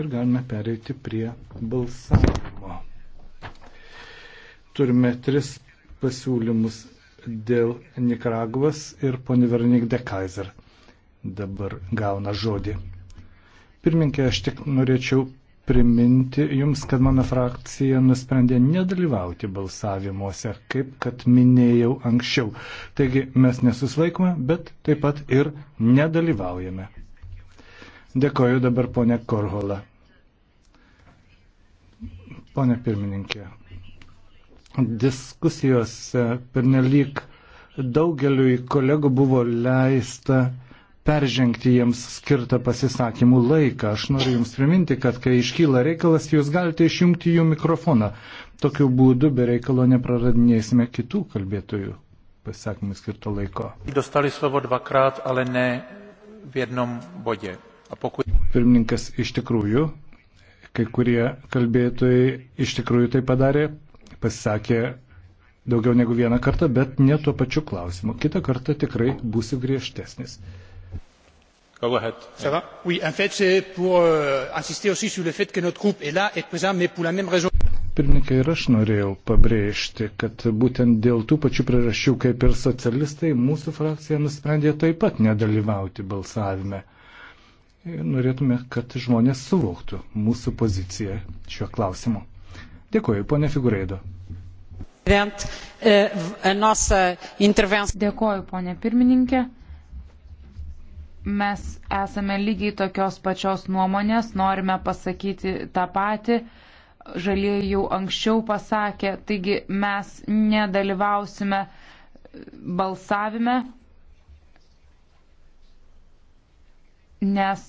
ir galime pereiti prie balsavimo. Turime tris pasiūlymus dėl Nikaragvas ir poni Vernik de Kaiser dabar gauna žodį. Pirminkė, aš tik norėčiau priminti Jums, kad mano frakcija nusprendė nedalyvauti balsavimuose, kaip kad minėjau anksčiau. Taigi mes nesuslaikome, bet taip pat ir nedalyvaujame. Dėkoju dabar ponė Korhola. Pone pirmininkė, diskusijose pernelyg daugeliui kolegų buvo leista peržengti jiems skirtą pasisakymų laiką. Aš noriu Jums priminti, kad kai iškyla reikalas, Jūs galite išjungti jų mikrofoną. Tokiu būdu be reikalo nepraradinėsime kitų kalbėtojų pasisakymų skirto laiko. Dostali slovo dvakrát, ale ne v jednom bodě. Pokud... Pirmininkas iš tikrųjų Kai kurie kalbėtojai iš tikrųjų tai padarė, pasisakė daugiau negu vieną kartą, bet ne tuo pačiu klausimu. Kitą kartą tikrai būsiu griežtesnis. Euh, Pirmininkai, ir aš norėjau pabrėžti, kad būtent dėl tų pačių priežasčių, kaip ir socialistai, mūsų frakcija nusprendė taip pat nedalyvauti balsavime norėtume, kad žmonės suvoktų mūsų poziciją šiuo klausimu. Dėkuoju, ponė Figureido. Dėkuoju, ponė pirmininkė. Mes esame lygiai tokios pačios nuomonės, norime pasakyti tą patį. Žalieji jau anksčiau pasakė, taigi mes nedalyvausime balsavime, nes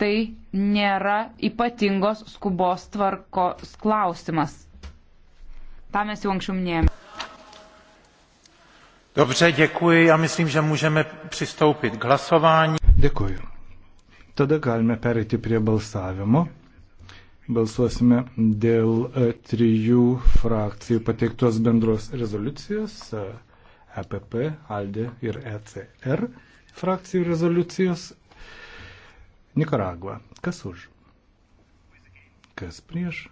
tai nėra ypatingos skubos tvarkos klausimas. Ta mes jau anksčiau minėjome. Dobře, děkuji. Já myslím, že můžeme přistoupit k hlasování. Děkuji. Tada galime pereiti prie balsavimo. Balsuosime dėl e, trijų frakcijų pateiktos bendros rezoliucijos EPP, e ALDE ir ECR frakcijų rezoliucijos Nikaragva. Kas už? Kas prieš?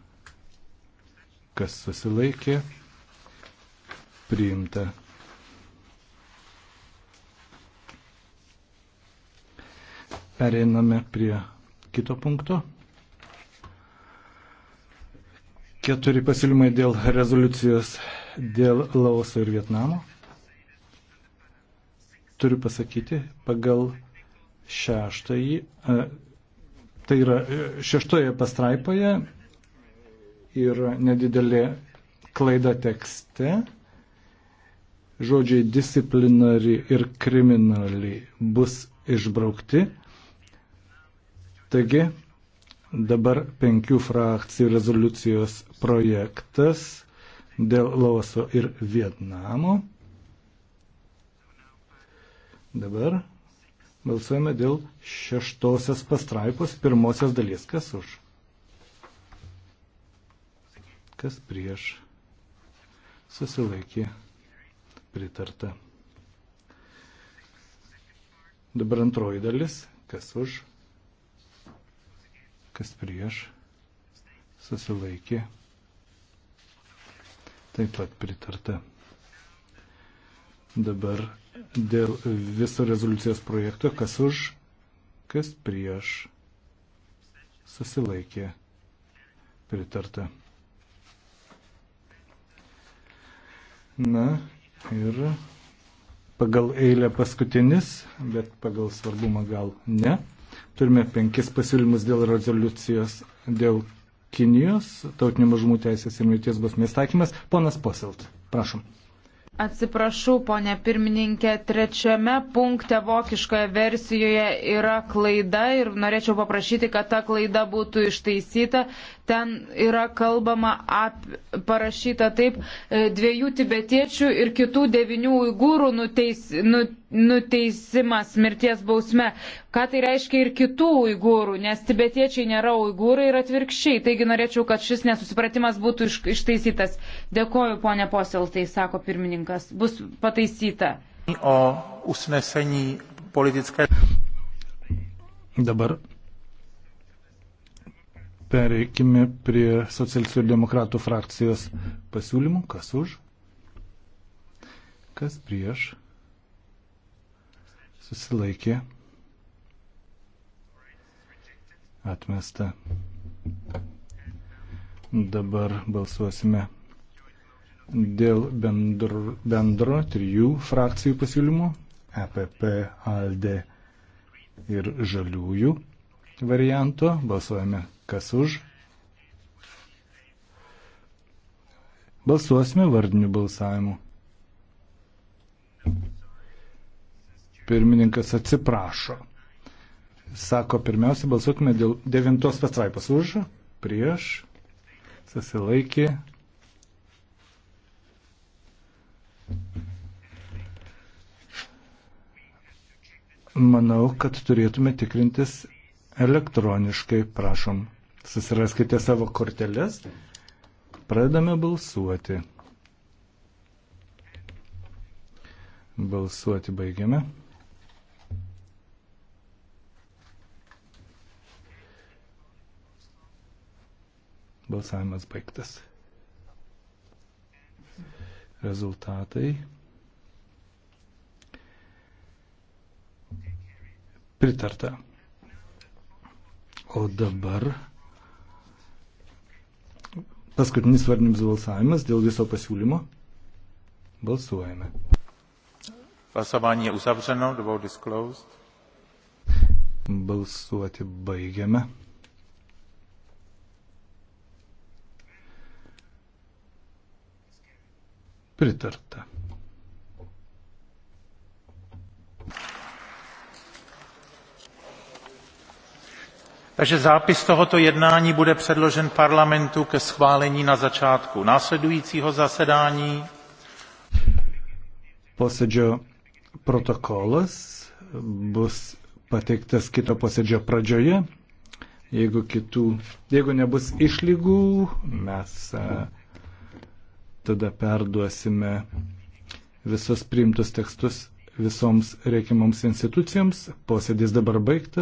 Kas susilaikė? Priimta. Pereiname prie kito punkto. Keturi pasiūlymai dėl rezoliucijos dėl Laoso ir Vietnamo. Turiu pasakyti, pagal šeštąjį, e, tai yra e, šeštoje pastraipoje yra nedidelė klaida tekste. Žodžiai disciplinari ir kriminali bus išbraukti. Taigi dabar penkių frakcijų rezoliucijos projektas dėl Laoso ir Vietnamo. Dabar Balsuojame dėl šeštosios pastraipos pirmosios dalies. Kas už? Kas prieš? Susilaikė. Pritarta. Dabar antroji dalis. Kas už? Kas prieš? Susilaikė. Taip pat pritarta. Dabar dėl viso rezoliucijos projekto, kas už, kas prieš, susilaikė, pritarta. Na ir pagal eilę paskutinis, bet pagal svarbumą gal ne. Turime penkis pasiūlymus dėl rezoliucijos, dėl Kinijos, tautinių mažumų teisės ir mirties bus mėstakymas. Ponas Posilt, prašom. Atsiprašau, ponė pirmininkė, trečiame punkte vokiškoje versijoje yra klaida ir norėčiau paprašyti, kad ta klaida būtų ištaisyta. Ten yra kalbama, ap, parašyta taip, e, dviejų tibetiečių ir kitų devinių uigūrų nuteis, nu, nuteisimas mirties bausme. Ką tai reiškia ir kitų uigūrų, nes tibetiečiai nėra uigūrai ir atvirkščiai. Taigi norėčiau, kad šis nesusipratimas būtų iš, ištaisytas. Dėkoju, ponė Poseltai, sako pirmininkas. Bus pataisyta. O usnesení politické. Dabar Pereikime prie socialistų ir demokratų frakcijos pasiūlymų. Kas už? Kas prieš? Susilaikė. Atmesta. Dabar balsuosime dėl bendro, bendro trijų frakcijų pasiūlymų e - EPP, ALDE ir Žaliųjų varianto. Balsuojame Kas už? Balsuosime vardiniu balsavimu. Pirmininkas atsiprašo. Sako, pirmiausia, balsuokime dėl devintos pastraipos už, prieš, susilaikė. Manau, kad turėtume tikrintis elektroniškai, prašom. Susiraskite savo korteles. Pradame balsuoti. Balsuoti baigiame. Balsavimas baigtas. Rezultatai. Pritarta. O dabar paskutinis vardinis balsavimas dėl viso pasiūlymo. Balsuojame. Głosowanie uzawrzono. The vote is closed. Balsuoti baigiame. Pritarta. takže zápis tohoto jednání bude předložen parlamentu ke schválení na začátku následujícího zasedání. Posėdžio protokolas bus pateiktas kito posėdžio pradžioje. Jeigu, kitų, jeigu nebus išlygų, mes e, tada perduosime visus priimtus tekstus visoms reikimoms institucijoms. Posėdis dabar baigtas.